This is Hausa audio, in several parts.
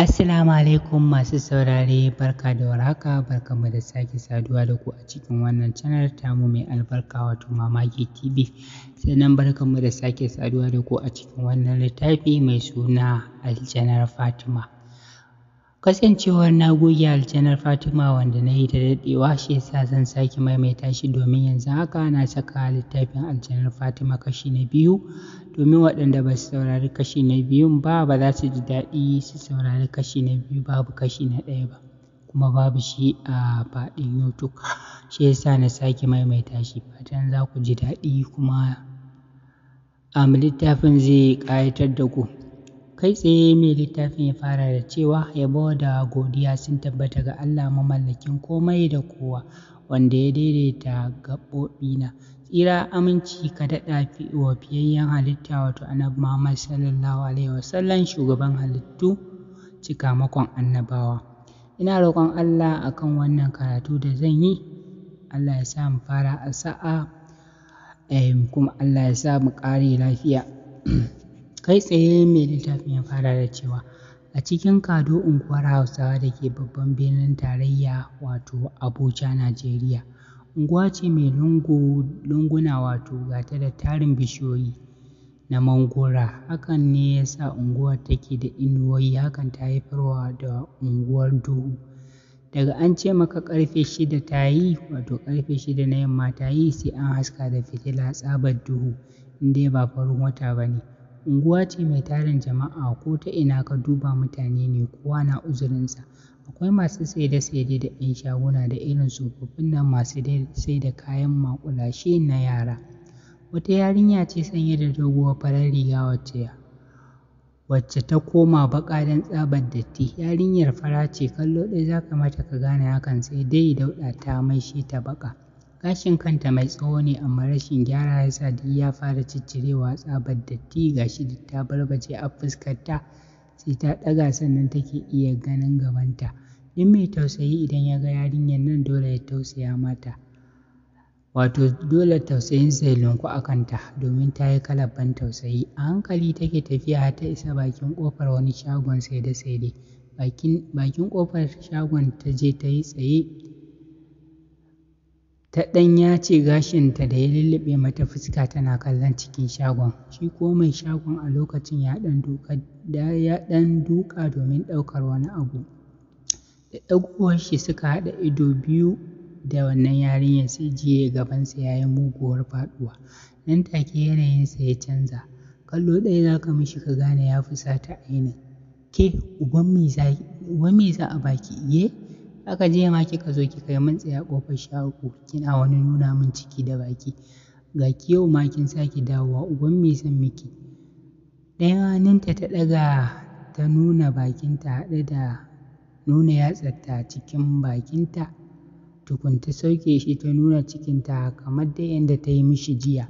Assalamu alaikum masu saurare barka da warhaka barkamu da sake saduwa da ku a cikin wannan channel tamu mai albarka wato Mamaki TV sannan Barka da sake saduwa da ku a cikin wannan littafi mai suna Aljanar Fatima Kasancewar na goge aljanar Fatima wanda na yi ta daɗewa shi yasa zan sake maimaita shi domin yanzu haka na saka littafin aljanar Fatima kashi na biyu domin waɗanda ba su saurari kashi na biyun ba ba za su ji daɗi su saurari kashi na biyu babu kashi na ɗaya ba kuma babu shi a faɗin YouTube shi yasa na sake maimaita shi fatan za ku ji daɗi kuma littafin zai ƙayatar da ku. kai tsaye mai littafin ya fara da cewa yabo da godiya sun tabbata ga Allah mamallakin komai da kowa wanda ya daidaita gaɓoɓi na. tsira aminci ka daɗa wa fiyayyen halitta wato annabi Muhammad sallallahu alaihi wasallam shugaban halittu cikamakon annabawa ina roƙon Allah akan wannan karatu da zan yi Allah ya sa mu fara a sa'a eh, kuma Allah ya sa mu ƙare lafiya kai tsaye mai littafin ya fara da cewa a cikin kado unguwar hausawa da ke babban birnin tarayya wato abuja najeriya unguwa ce mai lunguna wato gata da tarin bishiyoyi na mangora hakan ne ya sa unguwar take da inuwoyi hakan ta haifarwa da unguwar duhu daga an ce maka karfe shida ta yi wato karfe shida na yamma ta yi sai an haska da fitila tsabar duhu in dai ba farin wata ba ne Unguwa ce mai tarin jama'a ko ta ina ka duba mutane ne kowa na uzurinsa. Akwai masu saide-saide da 'yan shaguna da irin tsofaffin nan masu sai da kayan maƙulashe na yara. Wata yarinya ce sanye da doguwar farar riga wacce ta koma baƙa don tsaban datti. Yarinyar fara ce kallo ɗaya za ka mata ka gane hakan sai dai dauɗa ta maishe ta baƙa. Gashin kanta mai tsawo ne amma rashin gyara ya sa duk ya fara ciccirewa tsabar datti ga shi duk ta barbace a fuskarta sai ta ɗaga sannan take iya ganin gabanta. in mai tausayi idan ya ga yarinyar nan dole ya tausaya mata. Wato dole tausayin ya lunku a kanta domin ta yi kalabban tausayi. A hankali take tafiya ta isa bakin kofar wani shagon saide-saide. Bakin ƙofar shagon ta je ta yi tsaye ta ya ce gashinta da ya lulluɓe mata fuska tana kallon cikin shagon, shi ko mai shagon a lokacin ya ɗan duƙa domin ɗaukar wani abu. Da ɗaguwar shi suka haɗa ido biyu da wannan yarinyar sai jiya gabansa ya yi muguwar faɗuwa, nan take yanayinsa ya canza, kallo ɗaya za ka mishi ka gane ya fusata ainun. Ke uban me za a baki iye? aka je ma kika zo kika kai mun tsaya ƙofar shago kina wani nuna min ciki da baki ga ki yau ma kin sake dawowa uban me san miki ɗaya hannunta ta ɗaga ta nuna bakinta haɗe da nuna yatsarta cikin bakinta tukun ta sauke shi ta nuna cikinta kamar dai yadda ta yi mishi jiya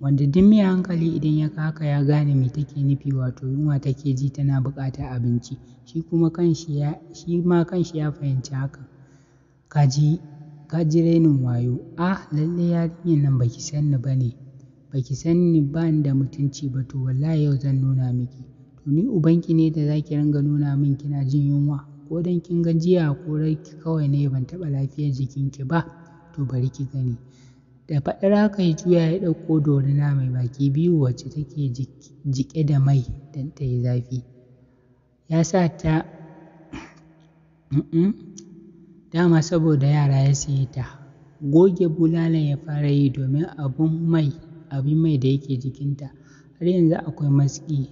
wanda duk mai hankali idan ya ga haka ya gane me take nufi wato yunwa take ji tana buƙatar abinci shi kuma kanshi ya shi ma kanshi ya fahimci haka. ka ji ka ji rainin wayo ah lalle yarinyar nan baki san ni bane baki san ni bani da mutunci ba to wallahi yau zan nuna miki to ni ubanki ne da zaki ringa nuna min kina jin yunwa ko dan kin ga jiya ko rai kawai ne ban taɓa lafiyar jikinki ba to bari ki gani da faɗar haka ya juya ya ɗauko dorina mai baki biyu wacce take jike da mai don ta yi zafi ya sa ta dama saboda yara ya siye ta goge bulalan ya fara yi domin abin mai abin mai da yake jikinta har yanzu akwai maski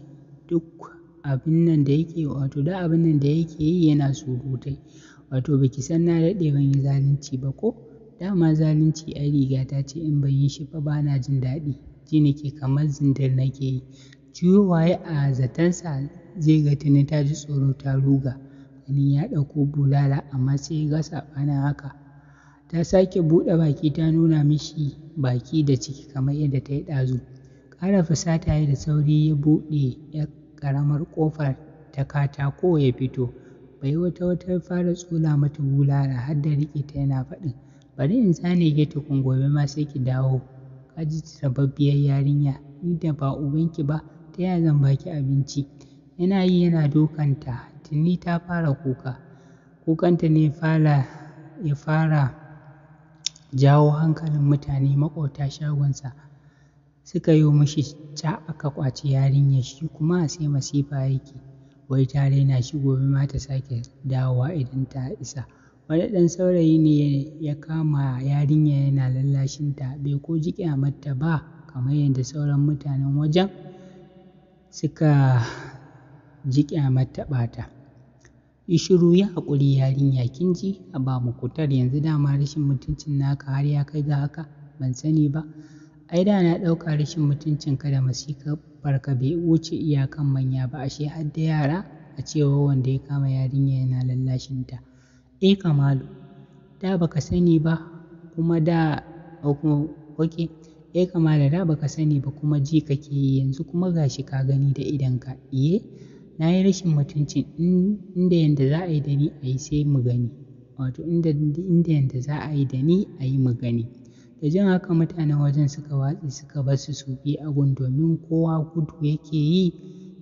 duk abin nan da yake wato duk abin nan da yake yi yana surutai wato baki san na daɗe ban yi zalunci ba ko dama zalunci ai ta ce in ban yi shi ba bana jin daɗi ji nake kamar zindar nake yi ciwo waye a zatansa zai ga tuni ta ji tsoro ta ruga wani ya ɗauko bulala amma sai ya ga saɓanin haka ta sake buɗe baki ta nuna mishi baki da ciki kamar yadda ta yi ɗazu ƙara fusata ya da sauri ya buɗe ya ƙaramar ƙofar ta katako ya fito bai wata wata fara tsola mata bulala har da riƙe ta yana faɗin bari in tsane ki gobe ma sai ki dawo ka ji sababbiyar yarinya ni da ba ubanki ba ta yaya zan baki abinci yana yi yana dokanta tuni ta fara kuka kukanta ne fara ya fara jawo hankalin mutane maƙota shagonsa suka yi mishi ca aka kwaci yarinyar shi kuma sai masifa yake wai ta raina shi gobe ma ta sake dawowa idan ta isa wani ɗan saurayi ne ya kama yarinya yana ta, bai ko ji mata ba kamar yadda sauran mutanen wajen suka ji mata ɓata. yi shiru ya haƙuri yarinya kin ji a ba mu kutar yanzu dama rashin mutuncin naka har ya kai ga haka ban sani ba ai da na ɗauka rashin mutuncin ka da masifar barka bai wuce iyakan manya ba ashe har da yara a cewa wanda ya kama yarinya yana ta. Eh Kamalu, da baka sani ba kuma da oke. Eh Kamalu da baka sani ba kuma ji kake yi yanzu kuma shi ka gani da idonka. Iye, na yi rashin mutunci inda yanda za a yi da ni a yi sai mu gani. Wato inda yanda za a yi da ni a yi mu gani. Da jin haka mutanen wajen suka watse suka bar su su biyu domin kowa gudu yake yi.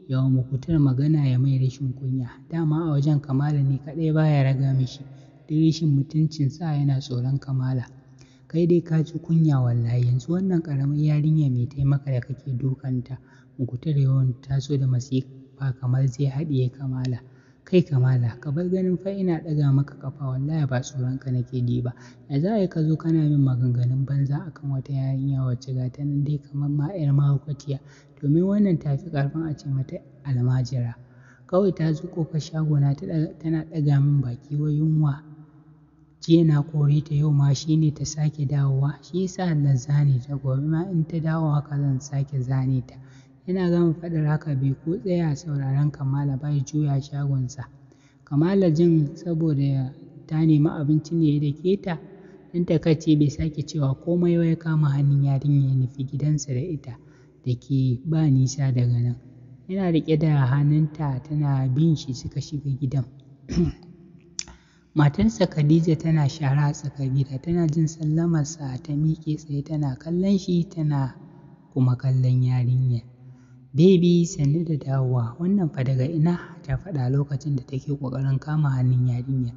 ya wa mukutar magana ya mai rashin kunya dama a wajen kamala ne kaɗai baya raga mishi duk rashin mutuncin sa yana tsoron kamala kai dai ka ji kunya wallahi yanzu wannan ƙaramin yarinya mai taimaka da kake dukanta mukutar yawan taso da masifa kamar zai haɗiye kamala kai kamala ka bar ganin fa ina ɗaga maka kafa wallahi ba tsoron ka nake ji ba ya za ka zo kana min maganganun banza akan wata yarinya wacce ga ta nan dai kamar ma 'yar mahaukaciya domin wannan ta fi karfin a ce mata almajira kawai ta zo ƙofar shagona tana ɗaga min baki wa yunwa jiya na kore ta yau ma shi ne ta sake dawowa shi yasa na zane ta gobe ma in ta dawo ka zan sake zane ta Yana gama faɗar haka bai ko tsaya sauraren Kamala ba ya juya shagonsa. Kamala jin saboda ta nemi abinci ne da keta don takaice bai sake cewa komai ya kama hannun yarinya ya nufi gidansa da ita da ke ba nisa daga nan. Yana riƙe da hannunta tana bin shi suka shiga gidan. Matarsa Khadija tana shara a tsakar gida tana jin sallamarsa ta miƙe tsaye tana kallon shi tana kuma kallon yarinyar. Baby sannu da dawowa wannan fa daga ina ta faɗa lokacin da take ƙoƙarin kama hannun yarinya?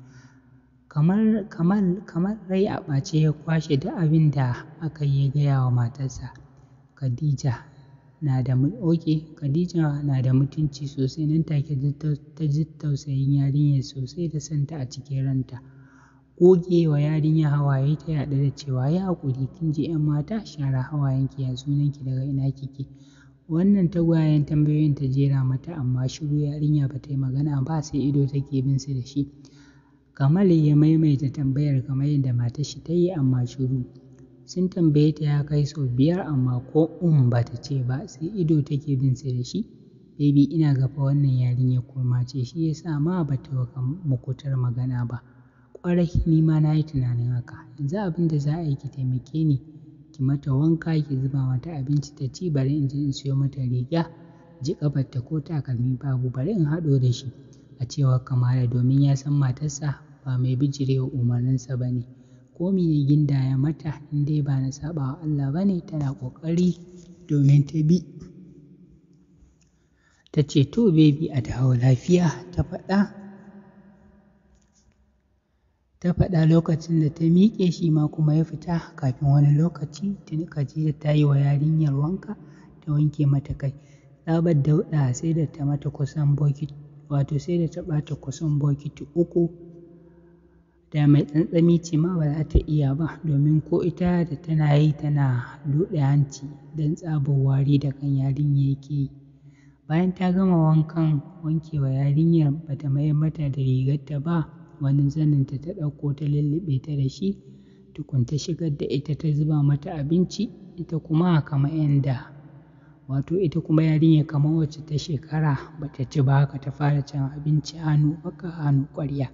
Kamar kamar kamar rai a ɓace ya kwashe duk abin da aka yi ya gaya wa matarsa. Khadija na da oke Khadija na da mutunci sosai nan take ta ji tausayin yarinyar sosai da santa a cikin ranta. Goge wa yarinyar hawaye ta yaɗa da cewa yi haƙuri kin je 'yan mata share hawayenki ya sunanki daga ina kike. Wannan tagwayen tambayoyin ta jera mata amma shiru yarinya ba ta yi magana ba sai ido take bin su da shi. Kamal ya maimaita tambayar kamar yadda matar shi ta yi amma shiru. Sun tambaye ta ya kai sau biyar amma ko um ba ta ce ba sai ido take bin su da shi. Baby ina gafa wannan yarinyar kuma ce shi yasa ma ba ta magana ba. Ƙwarai ni ma na yi tunanin haka. Yanzu abin da za a yi ki taimake ni. ki mata wanka ki zuba mata abinci ta ci bari in je in siyo mata riga ji kafarta ko takalmi babu bari in haɗo da shi a cewa kamala domin ya san matarsa ba mai bijirewa umarninsa ba ne ko ya gindaya mata in dai ba na saɓawa Allah ba ne tana ƙoƙari domin ta bi ta ce to bebi a dawo lafiya ta faɗa ta faɗa lokacin da ta miƙe shi ma kuma ya fita kafin wani lokaci tuni Khadija ta yi wa yarinyar wanka ta wanke mata kai tsabar dauɗa sai da ta mata kusan bokiti wato sai da ta ɓata kusan bokiti uku da mai tsantsami ce ma ba za ta iya ba domin ko ita da tana yi tana duɗe hanci don tsabar wari da kan yarinya yake yi bayan ta gama wankan wankewa yarinyar ba ta mayar mata da rigarta ba wani zaninta ta ɗauko ta lullube ta da shi tukun ta shigar da ita ta zuba mata abinci ita kuma kamar yanda wato ita kuma yarinya kamar wacce ta shekara bata ci ba haka ta fara cin abinci hannu baka hannu ƙwarya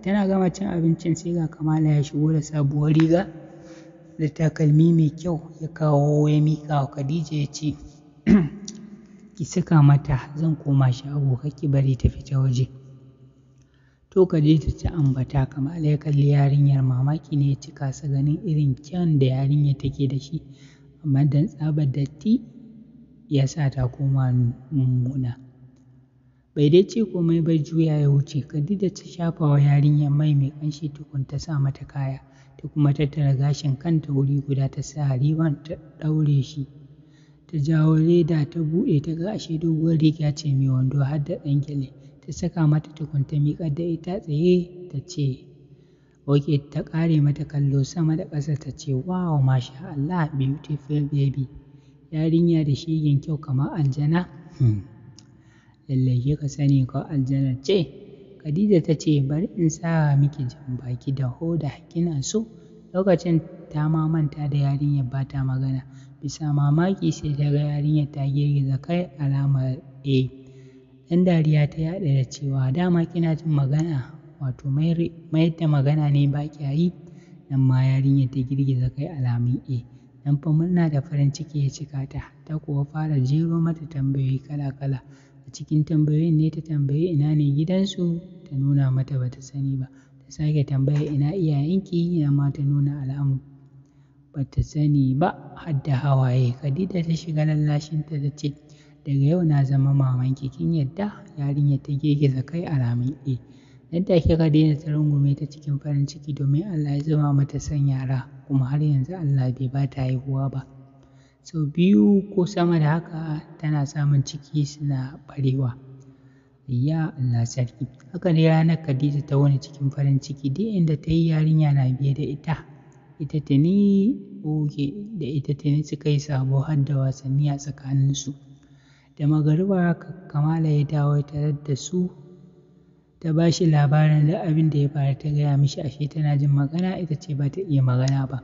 tana gama cin abincin sai ga kamala ya shigo da sabuwar riga da takalmi mai kyau ya kawo ya miƙa wa khadija ya ce ki saka mata zan koma shago kake bari ta fita waje to ka je ta ambata kamar ya kalli yarinyar mamaki ne ya cika sa ganin irin kyan da yarinyar take da shi amma dan tsabar datti ya sa ta koma mummuna bai dai ce komai ba juya ya wuce Ka da ta shafa wa yarinyar mai mai kanshi tukun ta sa mata kaya ta kuma tattara gashin kanta wuri guda ta sa riban ta daure shi ta jawo leda ta buɗe ta ga ashe doguwar riga ce mai wando har da ɗan gyale ta saka mata tukunta miƙar da ita tsaye ta ce oke ta ƙare mata kallo sama da ƙasa ta ce wow masha Allah beautiful baby yarinya da shigin kyau kamar aljana hmm. lallai ka sani ko aljana ce Khadija ta ce bari in sa miki jan baki da hoda kina so lokacin ta ma manta da yarinyar ba ta magana bisa mamaki sai ta ga yarinyar ta girgiza kai alamar A. Eh. Ɗan dariya ta yaɗa da cewa dama kina jin magana wato mayar da magana ne ba kya yi nan ma yarinyar ta girgiza kai alamun eh nan fa murna da farin ciki ya cika ta ta kuwa fara jero mata tambayoyi kala kala a cikin tambayoyin ne ta tambayi ina ne gidansu ta nuna mata bata sani ba ta sake tambaya ina iyayenki nan ma ta nuna alamun bata sani ba hadda hawaye Khadija ta shiga lallashinta ta ce daga yau na zama mamanki kin yadda yarinyar ta girgiza kai alamun eh nan take daina ta rungume ta cikin farin ciki domin Allah ya zama mata son yara kuma har yanzu Allah bai ba ta haihuwa ba sau biyu ko sama da haka tana samun ciki suna barewa ya Allah sarki haka ne ranar Khadija ta wani cikin farin ciki duk inda ta yi yarinya na biye da ita ita tuni oke da ita tuni suka yi sabo har da wasanni a tsakaninsu. su da magariba kamala ya dawo tare da su ta ba shi labarin da abin da ya faru ta gaya mishi ashe tana jin magana ita ce ba ta iya magana ba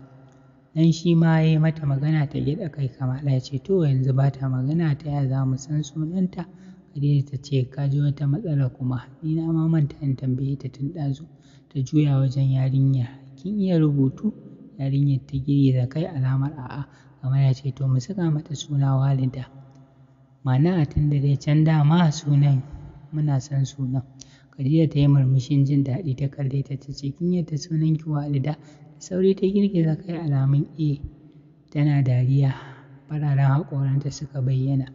dan shi ma ya yi mata magana ta gyaɗa kai kamala ya ce to yanzu ba ta magana ta ya za mu san sunanta Khadija ta ce ka ji wata matsala kuma ni na ma manta in tambaye ta tun ɗazu ta juya wajen yarinya kin iya rubutu yarinyar ta girgiza kai alamar a'a kamar ya ce to mu saka mata suna walida Ma'ana tun da dai can dama sunan muna san sunan. Khadija ta yi murmushin jin daɗi ta kalle ta ta ce kin yadda sunan ki Walida da sauri ta girgiza kai alamun E tana dariya fararen haƙoranta suka bayyana.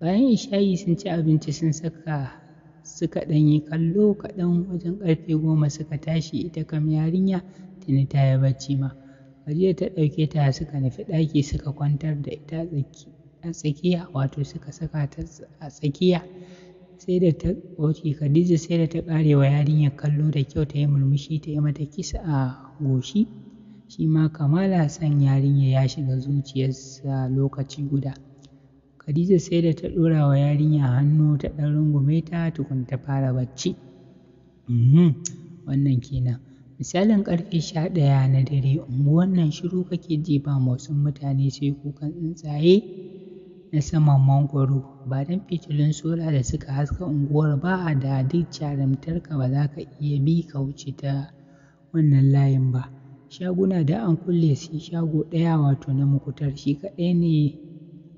Bayan isha'i sun ci abinci sun saka suka ɗan yi kallo kaɗan wajen ƙarfe goma suka tashi ita kam yarinya tuni ta yi bacci ma. Kadija ta ɗauke ta suka nufi ɗaki suka kwantar da ita tsaki. a tsakiya wato suka saka ta a tsakiya sai da ta wace Khadija sai da ta ƙare wa yarinyar kallo da kyau ta yi murmushi ta yi mata kisa a goshi shi ma Kamala san yarinya ya shiga zuciyarsa lokaci guda Khadija sai da ta ɗora wa yarinya hannu ta ɗan rungume ta tukun ta fara bacci mm-hmm. wannan kenan misalin ƙarfe sha ɗaya na dare wannan shiru kake ji ba motsin mutane sai kukan tsuntsaye na saman mangwaro ba don fitilun sola da suka haska unguwar ba a da duk jarumtarka ba za ka iya bi ka wuce ta wannan layin ba shaguna da an kulle su shago ɗaya wato na mukutar shi kaɗai ne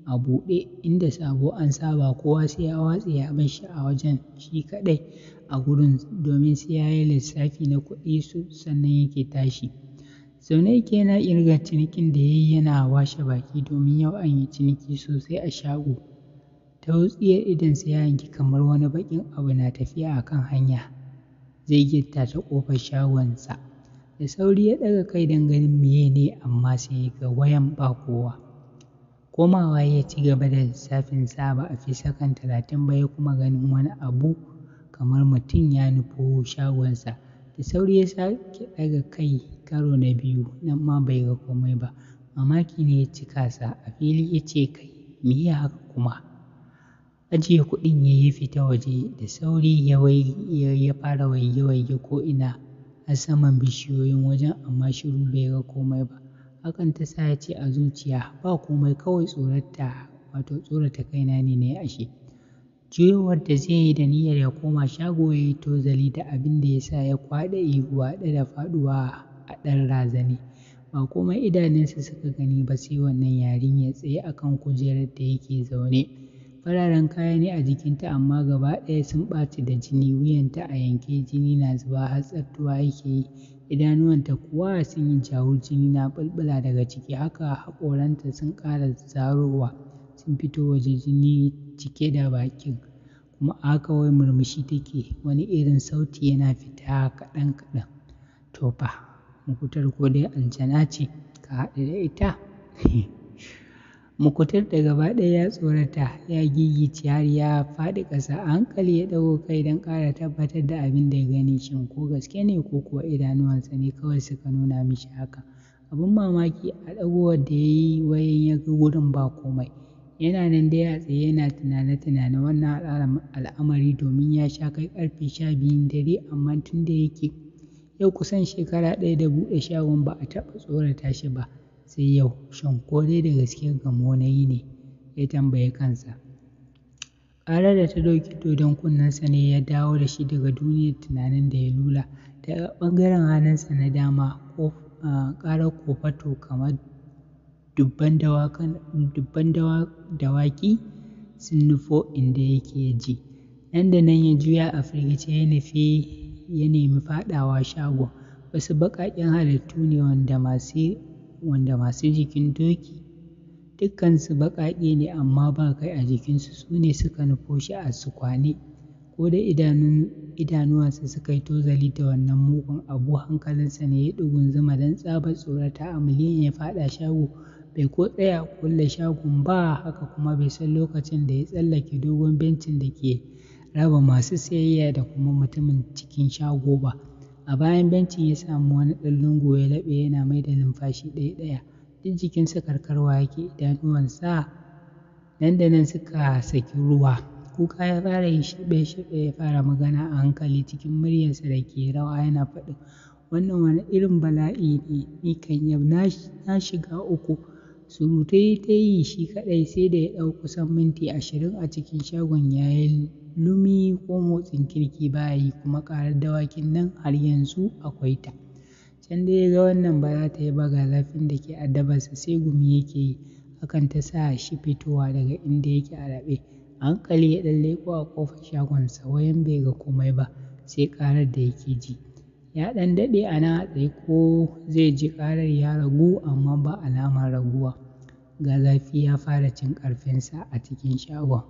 a buɗe inda sabo an saba kowa sai ya watse ya bar shi a wajen shi kaɗai a gurin domin sai ya yi lissafi na kuɗi sannan yake tashi Sau na yake yana ƙirga cinikin da ya yi yana washe baki domin yau an yi ciniki sosai a shago. Ta idon idonsa ya yanki kamar wani baƙin abu na tafiya a kan hanya. Zai gitta ta ƙofar shagonsa. Da sauri ya ɗaga kai don ganin miye ne amma sai ga wayan ba kowa. Komawa ya ci gaba da lissafin sa ba a fi sakan talatin ba ya kuma ganin wani abu kamar mutum ya nufo shagonsa. Da sauri ya sake ɗaga kai karo na biyu nan ma bai ga komai ba mamaki ne ya cika sa a fili ya ce kai me ya haka kuma ajiye kuɗin ya yi fita waje da sauri ya fara waige-waige ko ina a saman bishiyoyin wajen amma shiru bai ga komai ba hakan ta sa ya ce a zuciya ba komai kawai tsorata wato tsorata kaina ne na ashe juyowar da zai yi da niyyar ya koma shago ya yi tozali da abin da ya sa ya kwaɗa ihu da faɗuwa a ɗan razane ba komai idanunsa suka gani ba sai wannan ya tsaye a kan kujerar da yake zaune fararen kaya ne a jikinta amma gaba ɗaya sun ɓaci da jini wuyanta a yanke jini na zuba har tsattuwa yake yi idanuwanta kuwa sun yi jawo jini na ɓulɓula daga ciki haka haƙoranta sun ƙara zarowa sun fito waje jini cike da bakin kuma a haka wai murmushi take wani irin sauti yana fita kaɗan kaɗan to fa mukutar ko dai aljana ce ka haɗu da ita mukutar da gaba ɗaya ya tsorata ya gigice har ya faɗi ƙasa a hankali ya ɗago kai don ƙara tabbatar da abin da ya gani shin ko gaske ne ko kuwa idanuwansa ne kawai suka nuna mishi haka abin mamaki a ɗagowar da ya yi wayan ya ga wurin ba komai yana nan dai a tsaye yana tunane-tunane wannan al'amari domin ya sha kai ƙarfe sha biyun dare amma tun da yake Yau kusan shekara ɗaya da buɗe shagon ba a taɓa tsorata shi ba, sai yau shin ko dai da gaske gamo na yi ne ya tambayi kansa. Ƙarar da ta ɗauki dodon kunnensa ne ya dawo da shi daga duniyar tunanin da ya lula. Daga ɓangaren hannunsa na dama ƙarar kofato kamar dubban dawaki sun nufo inda yake ji. Nan da nan ya juya a firgice ya nufi ya nemi faɗawa shagon wasu baƙaƙen halittu ne wanda masu wanda masu jikin doki dukkansu baƙaƙe ne amma ba kai a jikinsu su ne suka nufo shi a sukwane ko da idanuwansa suka yi tozali da wannan mugun abu hankalinsa ne ya ɗigun zuma don tsabar tsorata a miliyan ya faɗa shago bai ko tsaya kulle shagon ba haka kuma bai san lokacin da ya tsallake dogon bencin da ke raba masu siyayya da kuma mutumin cikin shago ba a bayan bencin ya samu wani ɗan lungu ya laɓe yana mai da numfashi ɗaya ɗaya duk jikinsa karkarwa yake idanuwansa nan da nan suka saki ruwa kuka ya fara yi shaɓe shaɓe ya fara magana a hankali cikin muryarsa da ke rawa yana faɗin wannan wani irin bala'i ne ni kan na shiga uku Surutai ta yi shi kaɗai sai da ya ɗau kusan minti ashirin a cikin shagon yayin lumi ko motsin kirki ba yi kuma ƙarar dawakin nan har yanzu akwai ta. Can da ya ga wannan ba za ta yi ba ga zafin da ke addabarsa sai gumi yake yi hakan ta sa shi fitowa daga inda yake a raɓe. A hankali ya ɗan leƙo a ƙofar sa wayan bai ga komai ba sai karar da yake ji. ya ɗan daɗe a tsaye ko zai ji ƙarar ya ragu amma ba alamar raguwa ga zafi ya fara cin ƙarfinsa a cikin shagon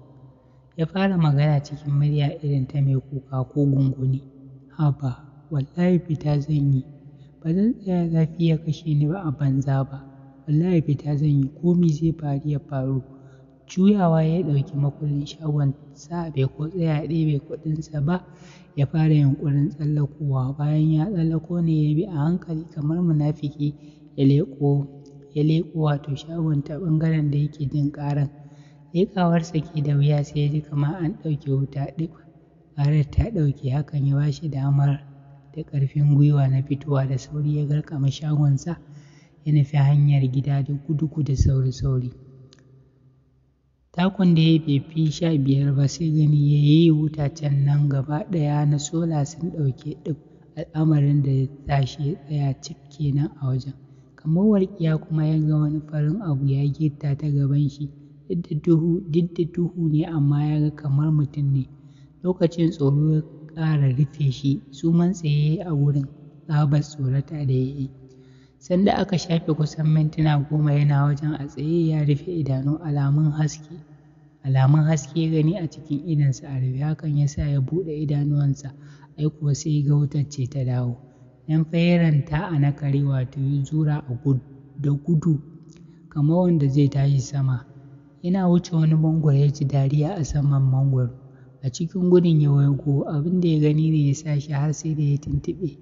ya fara magana cikin murya irin ta mai kuka ko gunguni haba wallahi fita zan yi ba zan tsaya zafi ya kashe ni ba a banza ba wallahi fita zan yi komi zai faru ya faru juyawa ya ɗauki makullin shagon sa bai ko tsaya ɗebe kuɗinsa ba ya fara yunƙurin tsallakowa bayan ya tsallako ne ya bi a hankali kamar munafuki ya leƙo ya leƙo wato shagon ta ɓangaren da yake jin ƙaran leƙawarsa ke da wuya sai ya ji kamar an ɗauke wuta duk ƙarar ta ɗauke hakan ya bashi damar da ƙarfin gwiwa na fitowa da sauri ya garkama shagonsa ya nufi hanyar gida da gudu da sauri-sauri Takun da ya bai fi sha biyar ba sai gani ya yi wutacen nan gaba ɗaya na sola sun ɗauke ɗin al'amarin da ya tashi ya tsaya cik kenan a wajen. Kamar walƙiya kuma ya ga wani farin abu ya girta ta gaban shi duk da duhu ne amma ya ga kamar mutum ne. Lokacin tsoro ya ƙara rufe shi suman tsaye a wurin tsabar tsorata da ya yi. sanda aka shafe kusan mintuna goma yana wajen a tsaye ya rufe idanu alamun haske alamun haske gani a cikin idonsa a rufe hakan ya sa ya buɗe idanuwansa ai kuwa sai ga wutar ce ta dawo nan ranta a na kare wato ya zura a da gudu kamar wanda zai tashi sama yana wuce wani mangwaro ya ji dariya a saman mangwaro a cikin gudun ya wago abin da ya gani ne ya sa shi har sai da ya tuntuɓe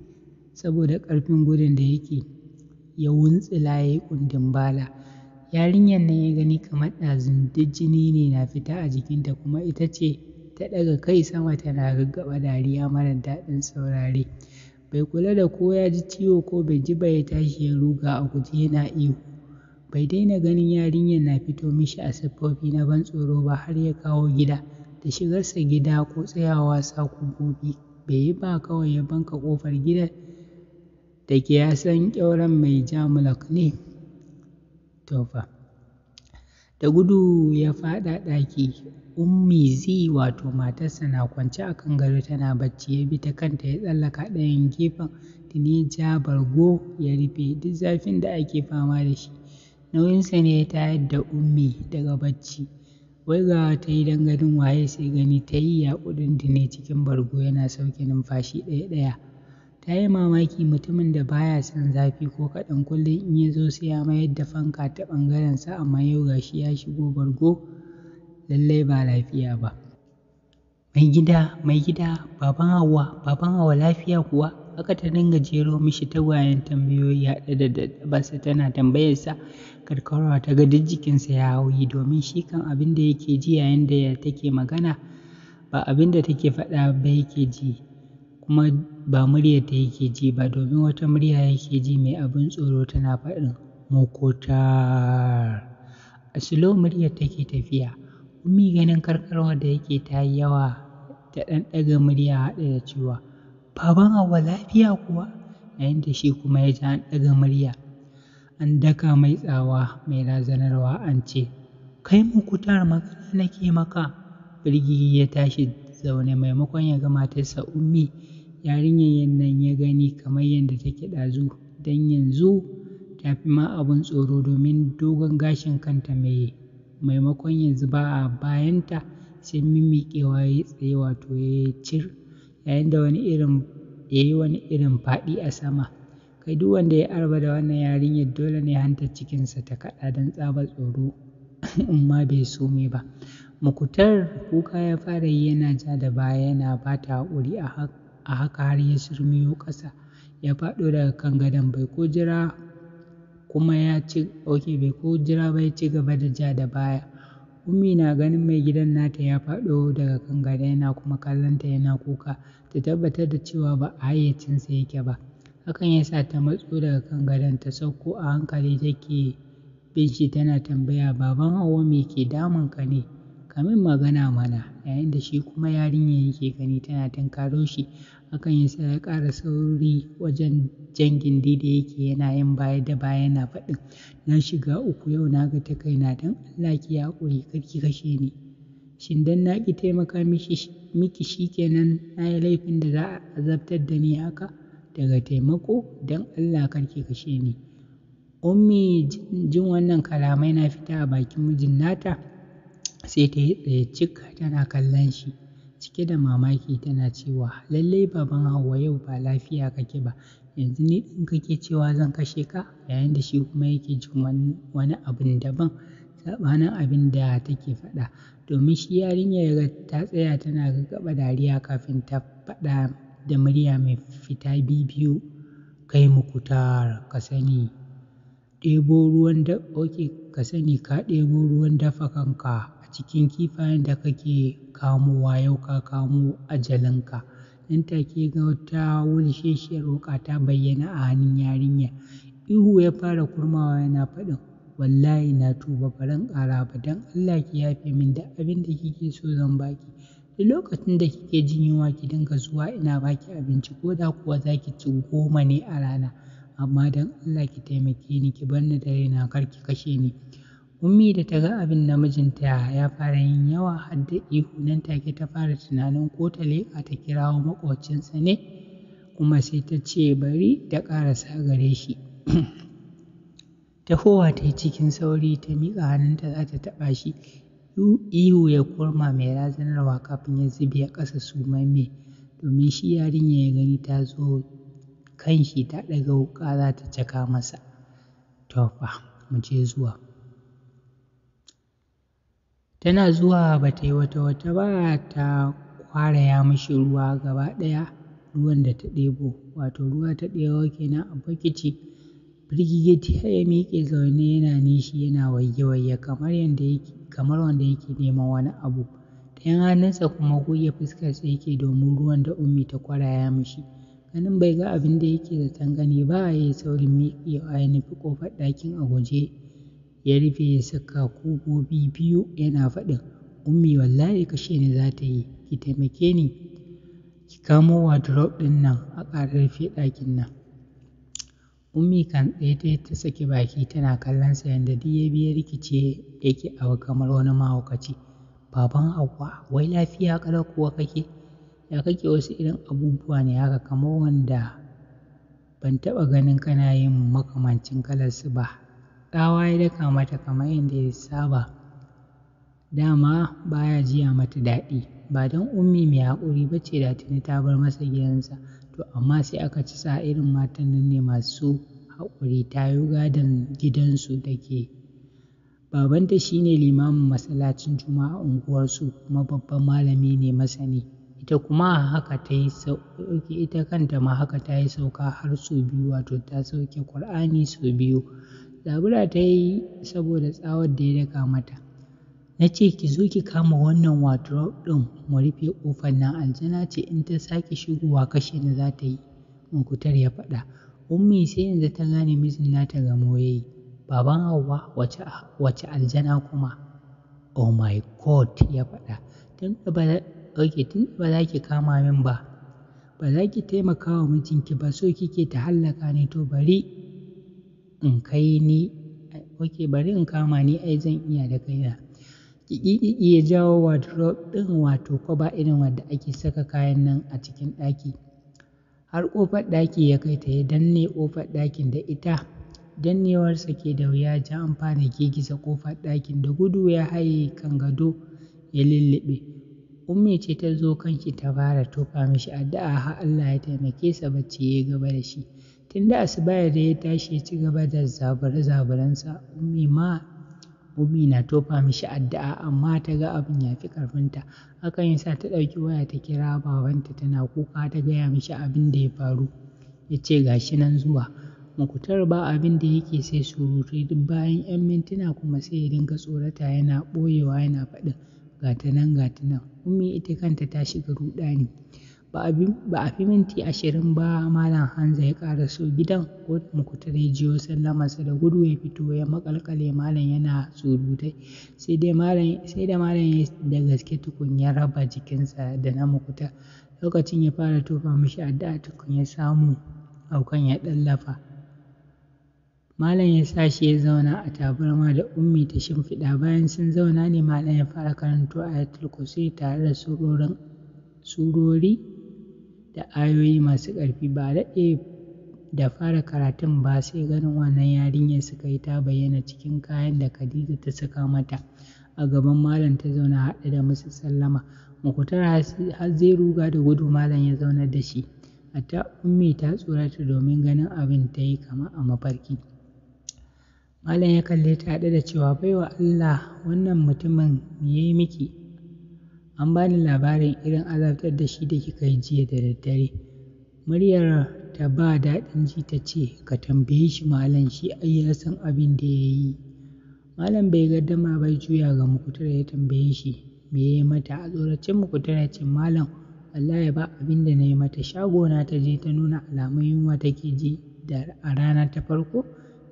saboda ƙarfin gudun da yake ya wuntsila ya yi ƙundin bala yarinyar nan ya gani kamar ɗazun duk jini ne na fita a jikinta kuma ita ce ta ɗaga kai sama tana gaggaba dariya mara daɗin saurare bai kula da ko ya ji ciwo ko bai ji ba ya tashi ya ruga a guji yana ihu bai daina ganin yarinyar na fito mishi a siffofi na ban tsoro ba har ya kawo gida da shigarsa gida ko tsayawa sakubobi bai yi ba kawai ya banka ƙofar gidan da san ƙyauren mai Jamulak ne? To Da gudu ya faɗa ɗaki, Ummi Zi wato matarsa na kwance a kan gado tana bacci ya bi ta kanta ya tsallaka ɗayan gefen tuni ja bargo ya rufe duk zafin da ake fama da shi. Nauyinsa ne ya tayar da Ummi daga bacci. Wai ga ta yi don waye sai gani ta yi yaƙudin ne cikin bargo yana sauke numfashi ɗaya-ɗaya. ta yi mamaki mutumin da baya son zafi ko kaɗan kullum in ya zo sai ya mayar da fanka ta ɓangarensa amma yau ga shi ya shigo bargo lallai ba lafiya ba mai gida mai gida baban Hauwa baban hawa lafiya kuwa aka ta dinga jero mishi tagwayen tambayoyi haɗe da daddabarsa tana tambayarsa karkarwa ta ga duk jikinsa ya hauyi domin shi kan abin da yake ji yayin da take magana ba abin da take faɗa ba yake ji kuma ba muryarta ta yake ji ba domin wata murya yake ji mai abin tsoro tana faɗin mukutar. A slow muryar take tafiya, Ummi ganin karkarwar da yake ta yi yawa ta ɗan ɗaga murya haɗe da cewa Baban Hauwa lafiya kuwa? Yayin da shi kuma ya ji an ɗaga murya. An daka mai tsawa mai razanarwa an ce, Kai mukutar magana nake maka. birgi ya tashi zaune maimakon ya ga matarsa Ummi yarinyar nan ya gani kamar yadda take ɗazu don yanzu ta fi ma abin tsoro domin dogon gashin kanta mai maimakon yanzu ba a bayanta sai mimmiƙewa ya tsaye wato ya cir yayin da wani irin ya yi wani irin faɗi a sama kai duk wanda ya arba da wannan yarinyar dole ne hantar cikinsa ta kaɗa don tsabar tsoro in ma bai so me ba mukutar kuka ya fara yi yana ja da baya yana ba ta haƙuri a haka a haka har ya shirmiyo ƙasa ya faɗo daga kan gadon bai ko jira kuma ya ci oke bai ko jira ba ya ci gaba da ja da baya ummi na ganin mai gidan nata ya faɗo daga kan gadon yana kuma kallonta yana kuka ta tabbatar da cewa ba a hayyacinsa yake ba hakan ya sa ta matso daga kan gadon ta sauko a hankali take bin shi tana tambaya baban hawa me ke damun ka ne kamin magana mana yayin da shi kuma yarinyar yake gani tana tunkaro shi hakan ya sa ya ƙara sauri wajen jan gindi da yake yana yin baya da baya yana faɗin na shiga uku yau na ga ta kaina don Allah ki haƙuri kar ki kashe ni shin dan na ki taimaka miki miki shikenan na yi laifin da za a azabtar da ni haka daga taimako don Allah kar ki kashe ni ummi jin wannan kalamai na fita a bakin mijin nata sai ta yi tsaye cik tana kallon shi cike da mamaki tana cewa lallai baban Hauwa yau ba lafiya kake ba yanzu ni in kake cewa zan kashe ka yayin da shi kuma yake jin wani abin daban saɓanin abin da take faɗa domin shi yarinyar ta tsaya tana gaggaba dariya kafin ta faɗa da murya mai fita bibiyu kai mu tara ka sani ɗebo ruwan da oke ka sani ka ɗebo ruwan dafa kanka a cikin kifayen da kake kamowa yau ka kamo ajalinka nan take ga wata wulsheshiyar wuƙa ta bayyana a hannun yarinya ihu ya fara kurmawa yana faɗin wallahi na tuba farin ƙara ba dan Allah ki yafe min da abin da kike so zan baki duk lokacin da kike jin yunwa ki dinga zuwa ina baki abinci ko da kuwa zaki ci goma ne a rana amma dan Allah ki taimake ni ki bar ni dare na, kar ki kashe ni ummi da ta ga abin na mijinta ya fara yin yawa har da ihu nan take ta fara tunanin ko ta leƙa ta kirawo maƙocinsa ne kuma sai ta ce bari ta ƙarasa gare shi tahowa ta yi cikin sauri ta miƙa hannunta za ta taɓa shi ihu ya kurma mai razanarwa kafin ya zube ya ƙasa sumamme domin shi yarinyar ya gani ta zo kanshi ta ɗaga wuƙa za ta caka masa to fa mu je zuwa tana zuwa ba ta yi wata wata ba ta kwaraya mishi ruwa gaba ɗaya ruwan da ta ɗebo wato ruwa ta ɗebo kenan a bokiti firgigiti har ya miƙe zaune yana nishi yana wayye-wayye kamar yanda yake kamar wanda yake neman wani abu ɗayan hannunsa kuma goge fuskarsa yake domin ruwan da ummi ta kwaraya mishi ganin bai ga abin da yake da gani ba ya yi saurin miƙewa ya nufi ƙofar ɗakin a guje ya rufe ya saka ƙofofi biyu yana faɗin ummi wallahi kashe ni za ta yi ki taimake ni ki kamo wardrobe ɗin nan a ƙara rufe ɗakin nan ummi kan tsaye ta ta saki baki tana kallon sa yanda duk ya biya rikice yake abu kamar wani mahaukaci baban Hauwa wai lafiya ƙalau kuwa kake ya kake wasu irin abubuwa ne haka kamar wanda ban taɓa ganin kana yin makamancin kalarsu ba tsawa ya daka mata kamar yadda ya saba dama baya jiya mata daɗi ba don ummi mai haƙuri ba ce da tuni ta bar masa gidansa to amma sai aka ci sa irin matan nan ne masu haƙuri ta yi gadon gidansu da ke babanta shine limamin masallacin juma'a unguwarsu kuma babban malami ne masani ita kuma haka ta yi sauƙi. ita kanta ma haka ta yi sauka har sau biyu wato ta sauke ƙur'ani sau biyu zabura ta yi saboda tsawar da ya daka mata na ce ki zo ki kama wannan wardrobe ɗin mu rufe ƙofar nan aljana ce in ta sake shigowa kashe na za ta yi mukutar ya faɗa ummi sai yanzu ta gane mijin nata ga moyayi baban Hauwa wace aljana kuma oh my god ya faɗa tun ok tun ba za ki kama min ba ba za ki taimaka wa mijinki ba so kike ta hallaka ni to bari in kai ni ok bari in kama ni ai zan iya da kaina ki iya jawo wardrobe ɗin wato kwaba irin wadda ake saka kayan nan a cikin ɗaki har ƙofar ɗaki ya kai ta ya danne ƙofar ɗakin da ita dannewarsa ke da wuya ja an fara girgiza ƙofar ɗakin da gudu ya haye kan gado ya lulluɓe ummi ce ta zo kanki ta fara tofa mishi addu'a har Allah ya taimake sa bacci ya gaba da shi tunda asuba da ya tashi ya ci gaba da zabare zabaransa ummi ma ummi na tofa mishi addu'a amma ta ga abin ya fi karfinta hakan yasa ta ɗauki waya ta kira babanta tana kuka ta gaya mishi abin da ya faru ya ce shi nan zuwa mukutar ba abin da yake sai surutu duk bayan 'yan mintuna kuma sai ya dinga tsorata yana ɓoyewa yana faɗin gata nan gata nan ummi ita kanta ta shiga ruɗani ba a fi minti ashirin ba malam hanza ya so gidan ko mukuta mukutare jiyo sallama sallamarsa da gudu ya fito ya makalkale malam yana surutai sai da malam ya da gaske tukun ya raba jikinsa da na mukuta lokacin ya fara tofa mishi addu'a tukun ya samu aukan ya ɗallafa Malam ya sa shi ya zauna a tabarma da ummi ta shimfiɗa bayan sun zauna ne malam ya fara karanto ayatul kursi tare da surorin surori da ayoyi masu ƙarfi ba daɗe da fara karatun ba sai ganin wannan yarinyar suka yi ta bayyana cikin kayan da Khadija ta saka mata a gaban malam ta zauna haɗe da musu sallama mukutar har zai ruga da gudu malam ya zauna da shi hatta ummi ta tsorata domin ganin abin ta yi kama a mafarki Malam ya kalle ta haɗe da cewa baiwa Allah wannan mutumin me ya yi miki? An bani labarin irin azabtar da shi da kika yi jiya da daddare. Muryar ta ba daɗin ji ta ce ka tambaye shi malam shi ai ya san abin da ya yi. Malam bai gaddama bai juya ga mukutar ya tambaye shi me ya yi mata a tsoracin mukutar ya ce malam wallahi ba abin da na yi mata shagona ta je ta nuna alamun yunwa take ji da a rana ta farko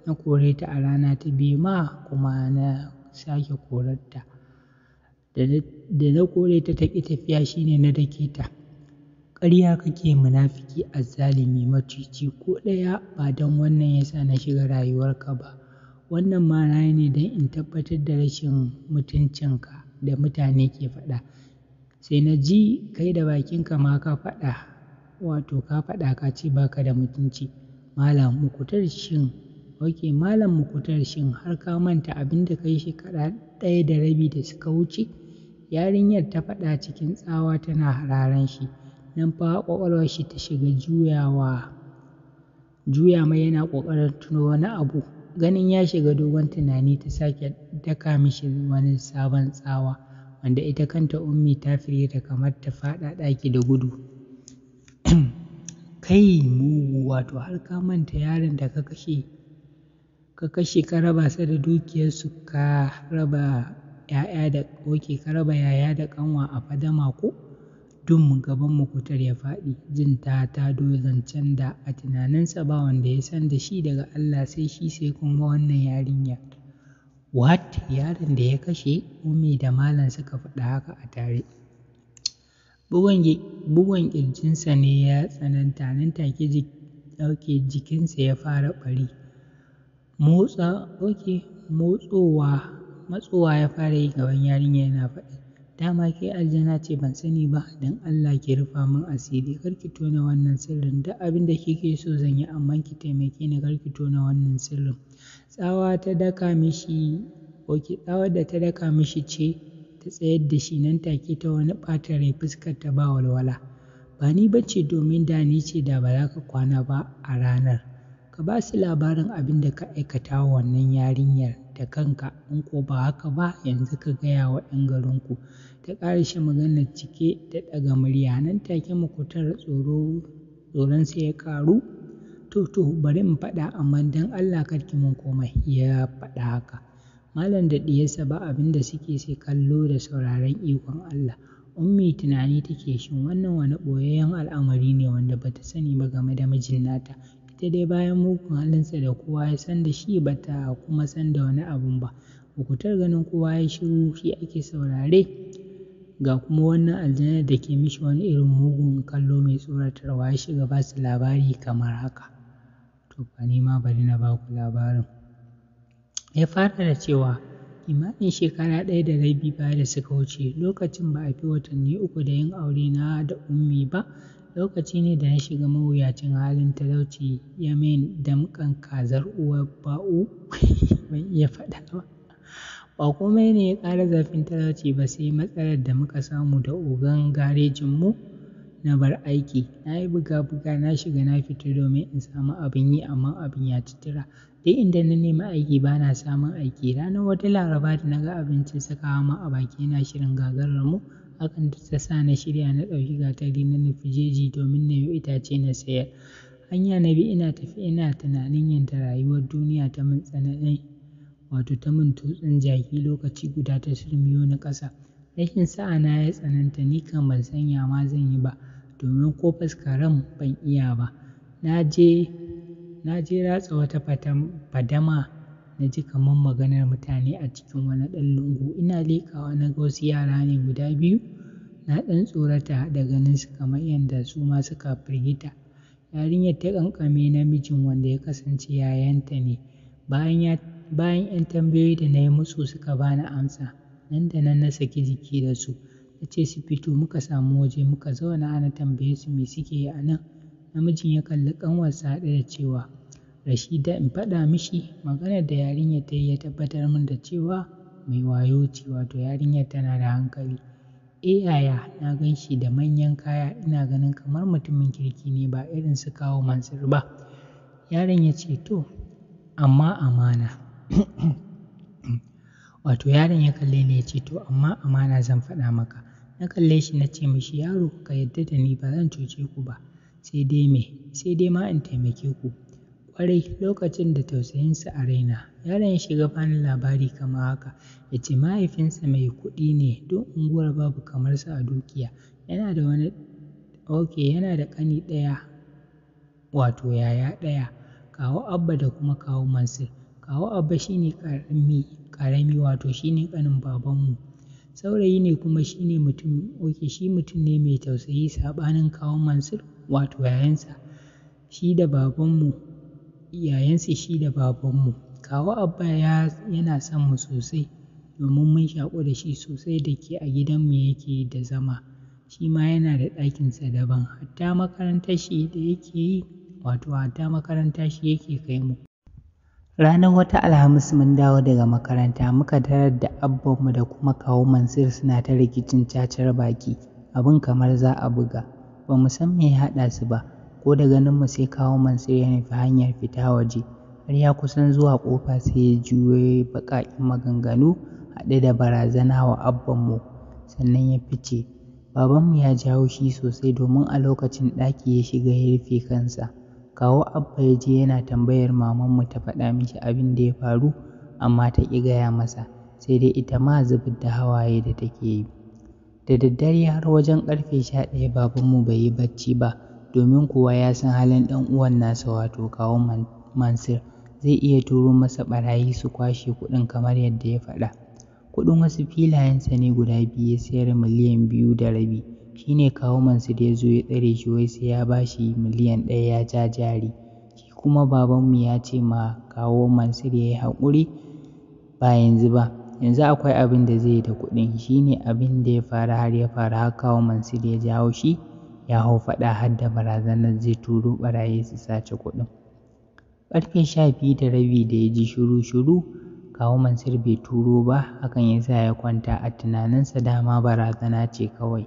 na kore ta a rana ta biyu ma kuma na sake korarta. Da na kore ta ta ƙi tafiya shine na dake ta. Ƙarya kake munafiki azzalumi macuci ko ɗaya ba don wannan ya sa na shiga rayuwarka ba. Wannan ma na ne don in tabbatar da rashin mutuncinka da mutane ke faɗa. Sai na ji kai da bakinka ma ka faɗa, wato ka faɗa ka ce ba ka da mutunci. Malam Muktar shin Ok, Malam Mukutar shin har ka manta abin da kai shekara ɗaya da rabi da suka wuce? Yarinyar ta faɗa cikin tsawa tana hararen shi, nan fa ƙwaƙwalwar shi ta shiga juyawa. Juya mai yana ƙoƙarin tuno wani abu, ganin ya shiga dogon tunani ta sake daka mishi wani sabon tsawa, wanda ita kanta ummi ta ta kamar ta faɗa ɗaki da gudu. Kai mu wato har ka manta yaron da ka kashe ka kashe ka raba su da dukiyarsu ka raba ‘ya'ya da oke ka raba yaya da ƙanwa a fadama ko dum gaban mukutar ya faɗi jin ta ta zancen da a tunaninsa ba wanda ya san da shi daga Allah sai shi sai kuma wannan yarinya. What yaron da ya kashe umi da malam suka faɗa haka a tare. Bugun ƙirjinsa ne ya tsananta nan take jikinsa ya fara ɓari. Motsa, ok, motsowa, matsowa ya fara yi gaban yarinyar yana faɗi. Dama ke aljana ce ban sani ba, don Allah ki rufa min asiri, kar ki tona wannan sirrin, duk abin da kike so zan yi amma ki taimake ni kar ki tona wannan sirrin. Tsawa ta daka mishi, tsawar da ta daka mishi ce ta tsayar da shi nan take ta wani ɓata rai fuskar ta ba walwala. Ba ni bace domin da ni ce da ba za ka kwana ba a ranar. ka ba su labarin abin da ka aikata wa wannan yarinyar da kanka in ko ba haka ba yanzu ka gaya wa 'yan garinku ta ƙarashe maganar cike da ɗaga murya nan take makotar tsoro tsoronsa ya ƙaru to to bari in faɗa amma don allah karki mun komai ya faɗa haka malam da ɗiyarsa ba abin da suke sai kallo da sauraron ikon allah ummi tunani take shin wannan wani ɓoyayyen al'amari ne wanda bata sani ba game da mijin nata ita dai bayan mugun halinsa da kowa ya san da shi ba ta kuma san da wani abun ba bukutar ganin kowa ya shiru shi ake saurare ga kuma wannan aljanar da ke mishi wani irin mugun kallo mai tsoratarwa ya shiga ba su labari kamar haka to fa ni ma bari na baku labarin ya fara da cewa imanin shekara ɗaya da rabi baya da suka wuce lokacin ba a fi watanni uku da yin aure na da ummi ba lokaci ne da na shiga mawuyacin halin talauci ya min damƙan kazar uwar ba'u ban iya faɗa ba. Ba komai ne ya ƙara zafin talauci ba sai matsalar da muka samu da ogan garejinmu na bar aiki. Na yi buga-buga na shiga na fita domin in samu abin yi amma abin ya tutura. Duk inda na nemi aiki ba na samun aiki. Ranar wata laraba da na ga abincin sakawa ma a baki yana shirin mu. hakan ta sa na shirya na ɗauki gatari na nufi jeji domin na yi itace na sayar hanya na biyu ina tafi ina tunanin yadda rayuwar duniya ta min tsanani wato ta min tutsin jaki lokaci guda ta surmiyo na ƙasa rashin sa'a na ya tsananta ni kan ban san ma zan yi ba domin ko faskaren ban iya ba na je na je ratsa wata fadama na ji kamar maganar mutane a cikin wani ɗan lungu ina leƙawa na ga wasu yara ne guda biyu na ɗan tsorata da ganin su kamar yadda su ma suka firgita yarinyar ta ƙanƙame namijin wanda ya kasance yayanta ne bayan 'yan tambayoyi da na yi musu suka bani amsa nan da nan na saki jiki da su na ce su fito muka samu waje muka zauna ana tambaye su me suke yi a nan namijin ya kalli ƙanwarsa haɗe da cewa Rashida in faɗa mishi maganar da yarinyar ta yi ya tabbatar min da cewa mai wayo ce wato yarinyar tana da hankali. Eh yaya na gan shi da manyan kaya ina ganin kamar mutumin kirki ne ba irin su kawu Mansur ba. Yaron ya ce to amma amana. Wato yaron ya kalle ni ya ce to amma amana zan faɗa maka. Na kalle shi na ce mishi yaro ka yarda da ni ba zan cuce ku ba sai dai me sai dai ma in taimake ku. Kwarai, lokacin da tausayinsa a raina. Yaron ya shiga bani labari kamar haka, ya ce mahaifinsa mai kuɗi ne duk unguwar babu kamar sa a dukiya. Yana da wani ok yana da ƙani ɗaya wato yaya ɗaya kawu Abba da kuma kawu Mansir. Kawu Abba shi ne ƙarami wato shi ne ƙanin babanmu. Saurayi ne kuma shi mutum ok shi mutum ne mai tausayi saɓanin kawu Mansir wato yayansa. Shi da babanmu iyayensu shi da babanmu kawu abba ya yana son mu sosai domin mun shaƙu da shi sosai da ke a gidanmu yake da zama shi ma yana da ɗakinsa daban hatta makarantar shi da yake yi wato hatta makaranta shi yake kai mu Ranar wata Alhamis mun dawo daga makaranta muka tarar da abbanmu da kuma kawo Mansur suna ta rikicin cacar baki abin kamar za a buga ba mu san me ya haɗa su ba ko da ganin mu sai kawo man sai ya nufi hanyar fita waje har ya kusan zuwa ƙofa sai ya juyo baƙaƙen maganganu haɗe da barazana wa abbanmu sannan ya fice babanmu ya jawo shi sosai domin a lokacin ɗaki ya shiga ya rufe kansa kawo abba ya je yana tambayar mamanmu ta faɗa mishi abin da ya faru amma ta ƙi gaya masa sai dai ita ma zubar da hawaye da take yi da daddare har wajen ƙarfe sha ɗaya babanmu bai yi bacci ba domin kuwa ya san halin ɗan uwan nasa wato kawun Mansur zai iya turo masa ɓarayi su kwashe kuɗin kamar yadda ya faɗa. Kuɗin wasu filayensa ne guda biyu ya sayar miliyan biyu da rabi shi ne kawo Mansur ya zo ya tsare shi wai sai ya ba shi miliyan ɗaya ya ja jari. Shi kuma babanmu ya ce ma kawo Mansur ya yi haƙuri ba yanzu ba yanzu akwai abin da zai yi da kuɗin shi ne abin da ya fara har ya faru har kawo Mansur ya jawo shi ya hau faɗa har da barazanar zai turo ɓarayi su sace kuɗin ƙarfe sha biyu da rabi da ya ji shiru-shiru kawo mansur bai turo ba hakan ya sa ya kwanta a tunaninsa dama barazana ce kawai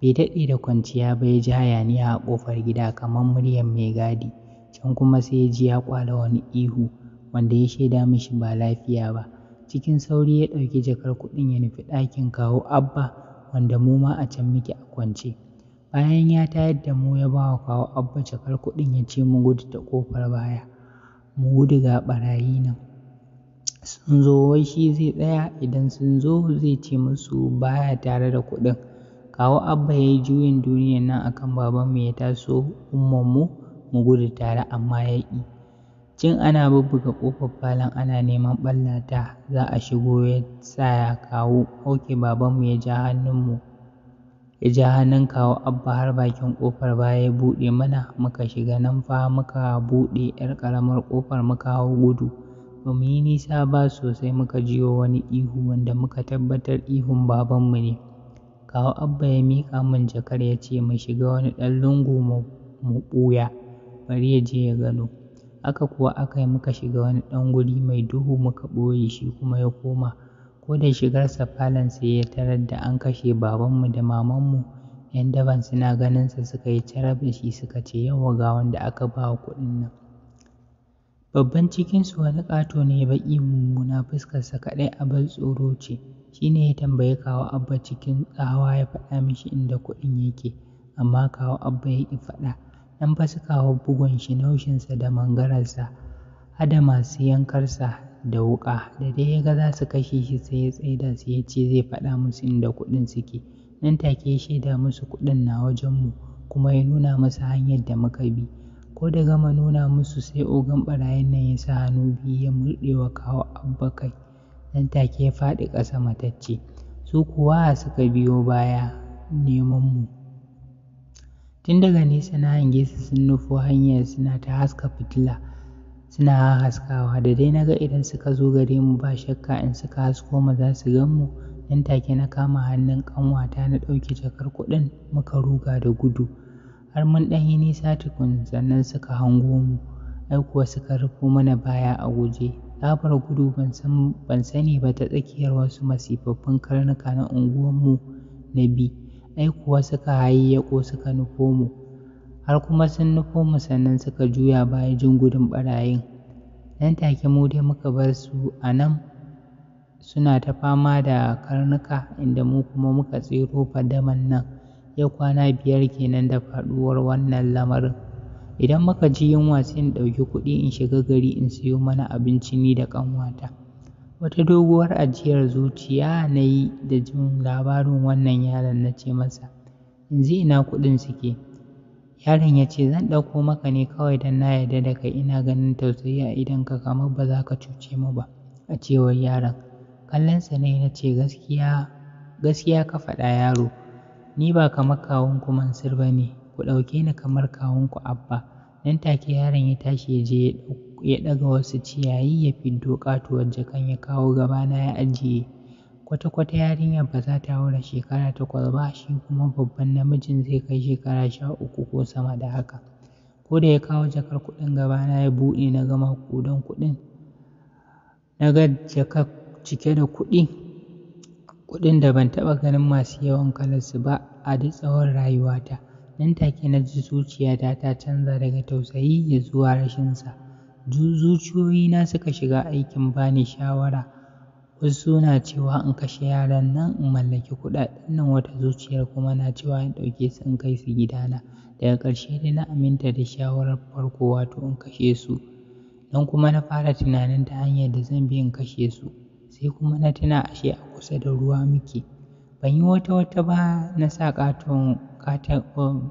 bai daɗe da kwanciya ba ya ji hayaniya a ƙofar gida kamar muryar mai gadi can kuma sai ya ji ya ƙwala wani ihu wanda ya shaida mishi ba lafiya ba cikin sauri ya ɗauki jakar kuɗin ya nufi ɗakin kawo abba wanda mu ma a can muke a kwance Bayan ya tayar da mu ya ba wa kawu Abba jakar kuɗin ya ce mu gudu ta ƙofar baya, mu gudu ga ɓarayi nan. Sun zo wai shi zai tsaya idan sun zo zai ce musu baya tare da kuɗin. Kawu Abba ya yi juyin duniyan nan akan babanmu ya taso ummanmu mu gudu tare amma ya ƙi. cin ana bubbuga ƙofar falon ana neman ɓallata za a shigo ya sa ya kawu, ok babanmu ya ja hannunmu ya ja hannun kawo abba har bakin ƙofar baya ya buɗe mana muka shiga nan fa muka buɗe 'yar ƙaramar ƙofar muka hau gudu ba mu yi nisa ba sosai muka jiyo wani ihu wanda muka tabbatar ihun babanmu ne kawo abba ya miƙa min jakar ya ce mu shiga wani ɗan lungu mu ɓuya bari ya je ya gano haka kuwa aka yi muka shiga wani ɗan guri mai duhu muka ɓoye shi kuma ya koma ko da shigarsa falon sai ya tarar da an kashe babanmu da mamanmu yan daban suna ganinsa suka yi carab da shi suka ce yawa ga wanda aka ba wa kuɗin nan babban cikinsu wani ƙato ne baƙi mummuna fuskarsa kaɗai abin tsoro ce shine ya tambayi kawo abba cikin tsawa ya faɗa mishi inda kuɗin yake amma kawo abba ya ƙi faɗa nan fa su kawo bugun shi naushinsa da mangararsa hada masu yankarsa da wuƙa da dai ya ga za su kashe shi sai ya tsaida su ya ce zai faɗa musu inda kuɗin suke nan take ya shaida musu kuɗin na wajen mu kuma ya nuna musu hanyar da muka bi ko da gama nuna musu sai ogan ɓarayin nan ya sa hannu biyu ya murɗe wa kawo abba nan take ya faɗi ƙasa matacce su kuwa suka biyo baya neman mu tun daga nesa na hange su sun nufo hanyar suna ta haska fitila suna haskawa da dai naga idan suka zo gare mu ba shakka in suka hasko mu za su gan mu nan take na kama hannun ƙanwata na ɗauki jakar kuɗin muka ruga da gudu har mun ɗan yi nisa tukun sannan suka hango mu ai kuwa suka rufo mana baya a guje tsabar gudu ban sani ba ta tsakiyar wasu masifaffun karnuka na unguwarmu na bi ai kuwa suka hayayyaƙo suka nufo mu har kuma sun nufo mu sannan suka juya baya jin gudun barayin. nan take mu dai muka bar su a nan suna ta fama da karnuka inda mu kuma muka tsero fadaman nan yau kwana biyar kenan da faɗuwar wannan lamarin idan muka ji yunwa sai in ɗauki kuɗi in shiga gari in siyo mana abinci ni da ƙanwata wata doguwar ajiyar zuciya na yi da jin labarin wannan yaron na ce masa yanzu ina kuɗin suke Yaron ya ce, Zan ɗauko maka ne kawai don na yarda da kai ina ganin tausayi a idonka kamar ba za ka cuce mu ba, a cewar yaron. Kallonsa ne na ce, Gaskiya, gaskiya ka faɗa yaro, ni ba kamar kawunku Mansur ba ne, ku ɗauke ni kamar kawun ku, Abba. Nan take yaron ya tashi ya je ya ɗaga wasu ciyayi ya fiddo ƙatuwar jakan ya kawo gabana ya ajiye. kwata-kwata yarinyar ba za ta haura shekara takwas ba shi kuma babban namijin zai kai shekara sha uku ko sama da haka ko da ya kawo jakar kuɗin gabana ya buɗe na gama kudin kuɗin na ga jakar cike da kuɗi kuɗin da ban taɓa ganin masu yawan kalarsu ba a duk tsawon rayuwata nan take na ji zuciyata ta canza daga tausayi ya zuwa rashinsa zuciyoyina suka shiga aikin bani shawara wasu na cewa in kashe yaran nan in mallaki kuɗaɗen nan wata zuciyar kuma na cewa in ɗauke su in kai su gidana daga ƙarshe dai na aminta da shawarar farko wato in kashe su nan kuma na fara tunanin ta hanyar da zan bi in kashe su sai kuma na tuna ashe a kusa da ruwa muke ban yi wata wata ba na sa ƙaton katon um,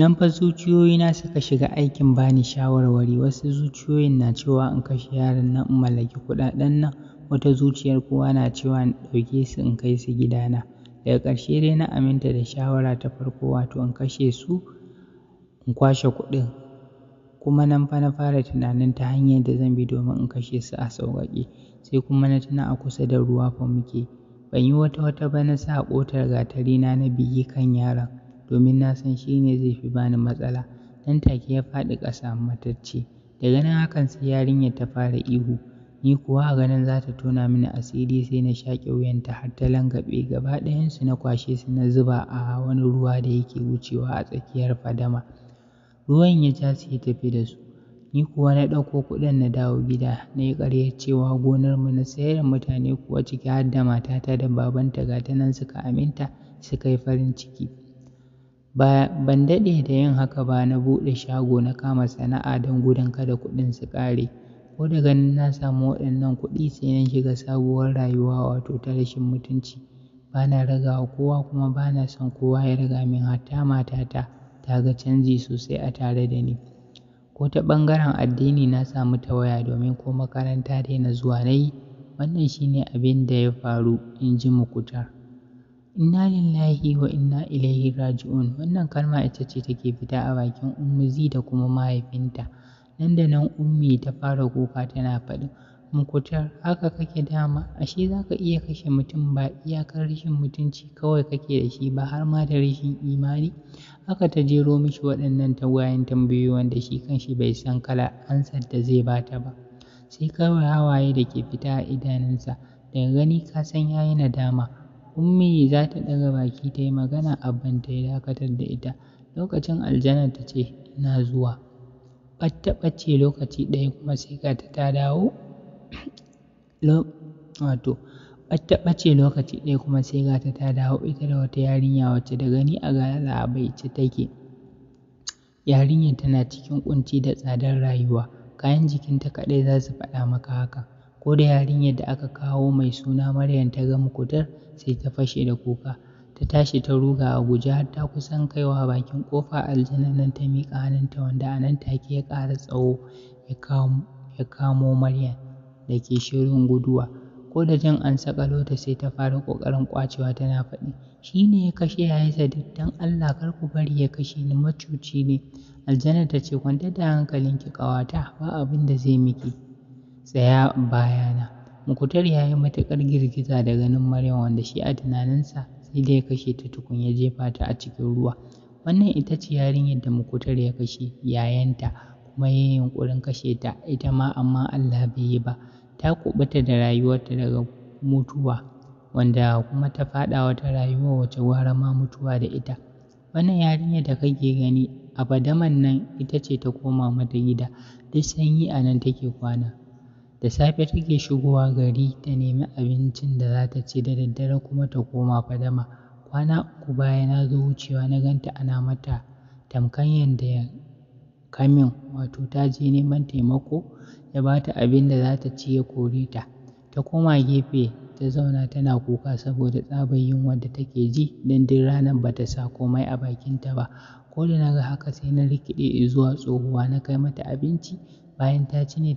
Nan fa zuciyoyi na suka shiga aikin bani shawarwari, wasu zuciyoyin na cewa in kashe yaran nan in mallaki kuɗaɗen nan, wata zuciyar kowa na cewa in ɗauke su in kai su gidana. Daga ƙarshe dai na aminta da shawara ta farko wato in kashe su in kwashe kuɗin kuma nan fa na fara tunanin ta hanyar da zan bi domin in kashe su a sauƙaƙe sai kuma na tuna a kusa da ruwa fa muke ban yi wata wata ba na sa ƙotar gatarina na bigi kan yaron domin na san shi ne zai fi bani matsala nan take ya faɗi ƙasa matacce daga nan hakan sai yarinyar ta fara ihu ni kuwa a ganin za ta tona mini asiri sai na shaƙe wuyanta har ta langaɓe gaba ɗayansu na kwashe su na zuba a wani ruwa da yake wucewa a tsakiyar fadama ruwan ya ja sai ya tafi da su ni kuwa na ɗauko kuɗin na dawo gida na yi ƙaryar cewa gonar mu na sayar da mutane kuwa ciki har da matata da babanta ga ta nan suka aminta suka yi farin ciki Ban daɗe da yin haka ba na buɗe shago na kama sana'a don gudun kada kuɗin su ƙare. Ko da ganin na samu waɗannan kuɗi sai na shiga sabuwar rayuwa wato ta rashin mutunci. Bana raga wa kowa kuma bana son kowa ya raga min hatta matata ta ga canji sosai a tare da ni. Ko ta ɓangaren addini na samu tawaya domin ko makaranta daina zuwa na yi. Wannan shi ne abin da ya faru, in ji Mukhtar. Inna lillahi wa inna ilaihi raji'un wannan kalma ita ce take fita a bakin ummu zi da kuma mahaifinta. Nan da nan Ummi ta fara kuka tana faɗin mukutar haka kake dama ashe za ka iya kashe mutum ba iyakar rashin mutunci kawai kake da shi ba har ma da rashin imani haka ta jero mishi waɗannan tawayen tambayoyi wanda shi kanshi bai san kala ansar da zai bata ba sai kawai hawaye da ke fita a idanunsa daga gani ka san ya yi nadama Ummi za ta ɗaga baki ta yi magana ta ya dakatar da ita. Lokacin aljanar ta ce, ina zuwa. ta ɓace lokaci ɗaya kuma sai ga ta ta dawo. Wato, ta ɓace lokaci ɗaya kuma sai ga ta ta dawo ita da wata yarinya wacce da gani a ga labai take. Yarinyar tana cikin ƙunci da tsadar rayuwa, kayan jikinta kaɗai za su faɗa maka haka. ko da yarinyar da aka kawo mai suna Maryam ta ga mukutar sai ta fashe da kuka ta tashi ta ruga a guje har ta kusan kaiwa bakin kofa aljanan nan ta miƙa hannunta wanda a nan take ya ƙara tsawo ya kamo Maryam da ke shirin guduwa ko da jan an sakalo ta sai ta fara ƙoƙarin ƙwacewa tana faɗi shi ne ya kashe yayansa duk don Allah kar ku bari ya kashe ni macuci ne aljanar ta ce kwanta da hankalinki ƙawata ba abin da zai miki tsaya bayana Mukutar ya yi matuƙar girgiza da ganin Maryam wanda shi a tunaninsa sai da ya kashe ta tukun ya jefa ta a cikin ruwa. Wannan ita ce yarinyar da Mukutar ya kashe yayanta kuma ya yi yunƙurin kashe ta ita ma amma Allah bai yi ba. Ta kuɓuta da rayuwarta daga mutuwa wanda kuma ta faɗa wata rayuwa wacce gwara ma mutuwa da ita. Wannan yarinyar da kake gani a nan ita ce ta koma mata gida duk sanyi a nan take kwana. Da safe take shigowa gari ta nemi abincin da za ta ci da daddare kuma ta koma fadama. Kwana uku baya na zo wucewa na ganta ana mata tamkar yadda Kamin wato ta je neman taimako ya ba ta abin da za ta ci ya kore ta. Ta koma gefe ta zauna tana kuka saboda tsabar yunwar da take ji don duk ranar ba ta sa komai a bakinta ba. Ko da na ga haka sai na rikiɗe zuwa tsohuwa na kai mata abinci bayan ta ci ne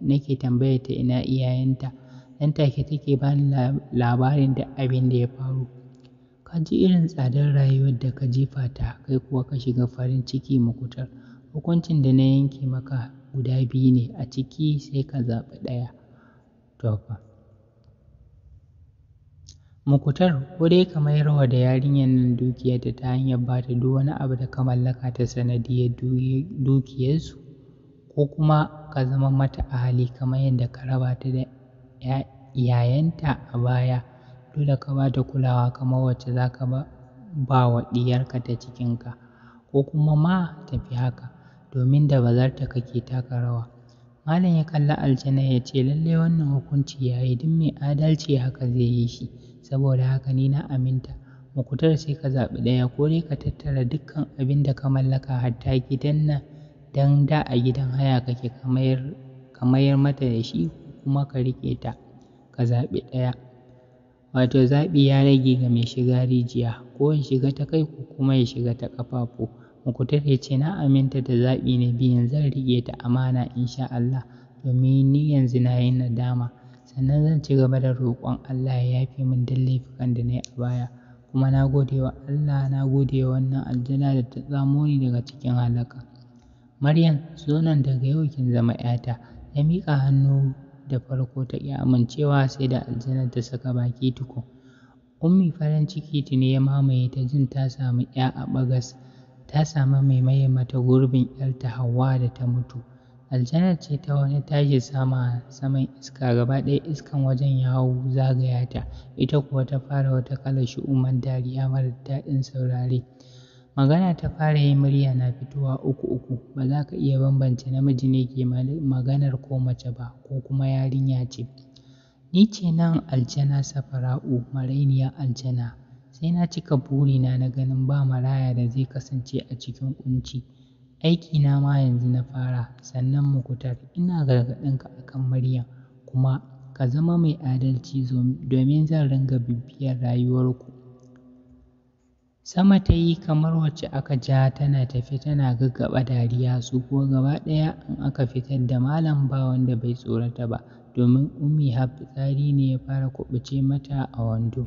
nake tambayar ta ina iyayenta nan take take bani labarin da abin da ya faru ka ji irin tsadar rayuwar da ka jefa ta kai kuwa ka shiga farin ciki makutar hukuncin da na yanke maka guda biyu ne a ciki sai ka zaɓi ɗaya to mukutar ko dai ka mayar wa da yarinyar nan dukiyarta ta hanyar ba ta duk wani abu da ka mallaka ta sanadiyar dukiyarsu ko kuma ka zama mata ahali kamar yadda ka raba ta da iyayenta a baya dole ka ba ta kulawa kamar wacce za ka ba wa ɗiyarka ta cikinka ko kuma ma tafi haka domin da bazarta kake taka rawa malam ya kalli aljanna ya ce lallai wannan hukunci ya yi duk mai adalci haka zai yi shi saboda haka ni na aminta mukutar sai ka zaɓi ɗaya ko dai ka tattara dukkan abinda ka mallaka hatta gidan nan Don da a gidan haya kake ka mayar mata da shi ko kuma ka riƙe ta ka zaɓi ɗaya wato zaɓi ya rage ga mai shiga rijiya ko ya shiga ta kai ko kuma ya shiga ta ƙafafu Mukutar ya ce na aminta da zaɓi na biyan zan riƙe ta amana insha Allah domin ni yanzu na yi nadama sannan zan ci gaba da roƙon Allah ya yafe min duk laifukan da na yi a baya kuma na gode wa Allah na gode wa wannan aljanna da ta tsamo ni daga cikin halaka Maryam zo nan daga yau kin zama ‘yata. Ya miƙa hannu da farko ta ƙi amincewa sai da aljanar ta saka baki tukun. Ummi farin ciki tuni ya mamaye ta jin ta samu ‘ya a ɓagas, ta samu mai maye mata gurbin ‘yarta Hauwa da ta mutu. Aljanar ce ta wani tashi sama saman iska gaba ɗaya iskan wajen ya hau zagaya ta, ita kuwa ta fara wata kalar shu’uman dariya mara daɗin saurare. Magana ta fara yin murya na fitowa uku uku. Ba za ka iya bambance namiji ne ke maganar ko mace ba ko kuma yarinya ce. Ni ce nan aljana safara'u marainiyar aljana. Sai na cika burina na ganin ba maraya da zai kasance a cikin ƙunci. na ma yanzu na fara sannan mukutar ina gargaɗinka kan murya, kuma ka zama mai adalci domin zan ringa bibiyar rayuwarku. Sama ta yi kamar wacce aka ja tana tafe tana gaggaɓa dariya su kuwa gaba ɗaya in aka fitar da malam ba wanda bai tsorata ba, domin Ummi har fitsari ne ya fara kuɓuce mata a wando.